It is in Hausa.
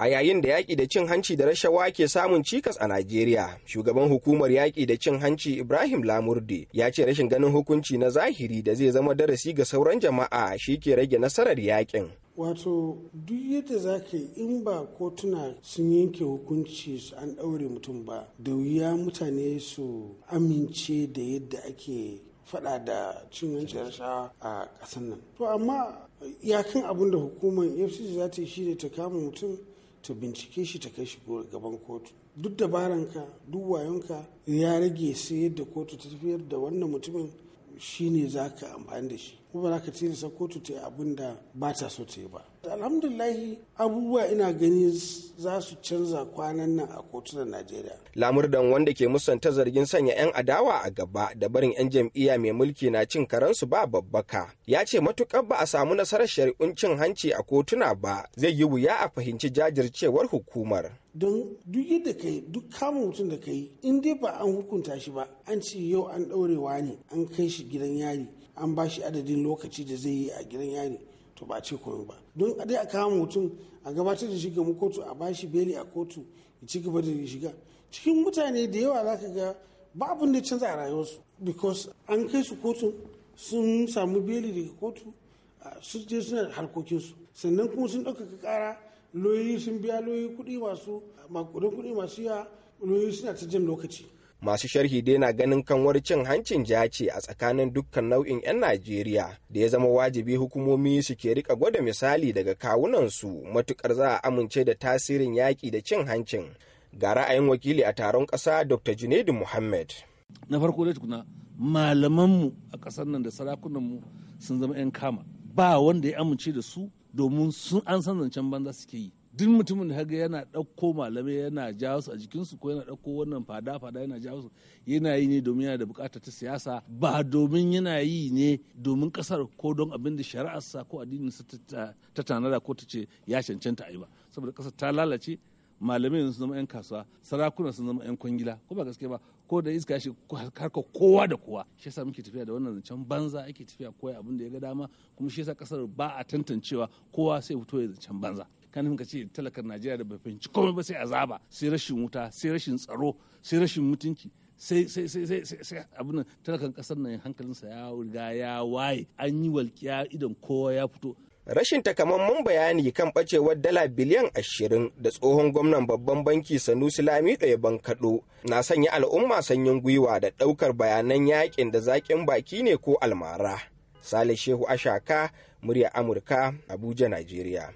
a yayin da yaƙi da cin hanci da rashawa ke samun cikas a Najeriya. Shugaban hukumar yaƙi da cin hanci Ibrahim Lamurde ya ce rashin ganin hukunci na zahiri da zai zama darasi ga sauran jama'a shi ke rage nasarar yaƙin. Wato duk yadda za ka yi in ba kotuna sun yanke hukunci su an ɗaure mutum ba, da wuya mutane su amince da yadda ake faɗa da cin hanci rashawa a ƙasar nan. To amma iyakan abin da hukumar efcc za ta yi shi ta kama mutum ta bincike shi ta kai shi gaban kotu duk dabaranka duk wayonka ya rage sai yadda kotu ta tafiyar da wannan mutumin shi ne za ka amfani da shi kuma za ka tilasta kotu ta yi abin da ba ta so ta yi ba alhamdulahi abubuwa ina gani za su canza kwanan nan a kotunan najeriya lamurdan wanda ke musanta zargin sanya 'yan adawa a gaba da barin 'yan jam'iyya mai mulki na cin karansu ba babbaka ya ce matukar ba a samu nasarar shari'un cin hanci a kotuna ba zai yi wuya a fahimci jajircewar hukumar don duk yadda kai duk kama mutum da kai in dai ba an hukunta shi ba an ce yau an ɗaurewa ne an kai shi gidan yari an ba shi adadin lokaci da zai yi a gidan yari to ba ce komai ba don a dai a kama mutum a gabatar da shiga mu kotu a bashi beli a kotu ya ci gaba da shiga cikin mutane da yawa za ka ga ba abin da canza a rayuwarsu because an kai su kotu sun samu beli daga kotu sun je suna harkokinsu sannan kuma sun ɗaukaka ƙara loyi sun biya loyi kuɗi masu makudin kuɗi masu ya loyi suna ta jin lokaci masu sharhi dai na ganin kanwar cin hancin ja a tsakanin dukkan nau'in 'yan najeriya da ya zama wajibi hukumomi su ke rika gwada misali daga kawunansu matukar za a amince da tasirin yaƙi da cin hancin ga ra'ayin wakili a taron ƙasa dr junaidu muhammad na farko dai tukuna malamanmu a ƙasar nan da sarakunanmu sun zama 'yan kama ba wanda ya amince da su domin sun an san zancen banza suke yi duk mutumin da haga yana ɗauko malamai yana jawo su a jikinsu ko yana ɗauko wannan fada fada yana jawo su yana yi ne domin yana da buƙatar ta siyasa ba domin yana yi ne domin ƙasar ko don abin da shari'arsa ko addinin ta tanada ko ta ce ya cancanta a yi ba saboda ƙasar ta lalace malamai sun zama 'yan kasuwa sarakuna sun zama 'yan kwangila ko ba gaske ba ko da iska shi karka kowa da kowa shi yasa muke tafiya da wannan zancen banza ake tafiya koya abin da ya ga dama kuma shi yasa kasar ba a tantancewa kowa sai fito ya zancen banza kan ka ce talakar najeriya da bai fahimci komai ba sai azaba sai rashin wuta sai rashin tsaro sai rashin mutunci sai sai sai sai sai sai abin talakan kasar nan hankalinsa ya riga ya waye an yi walƙiya idan kowa ya fito rashin takamaiman bayani kan bacewar dala biliyan ashirin da tsohon gwamnan babban banki sanusi lamido ya bankaɗo na sanya al'umma sanyin gwiwa da ɗaukar bayanan yakin da zaƙin baki ne ko almara sale shehu ashaka murya amurka abuja najeriya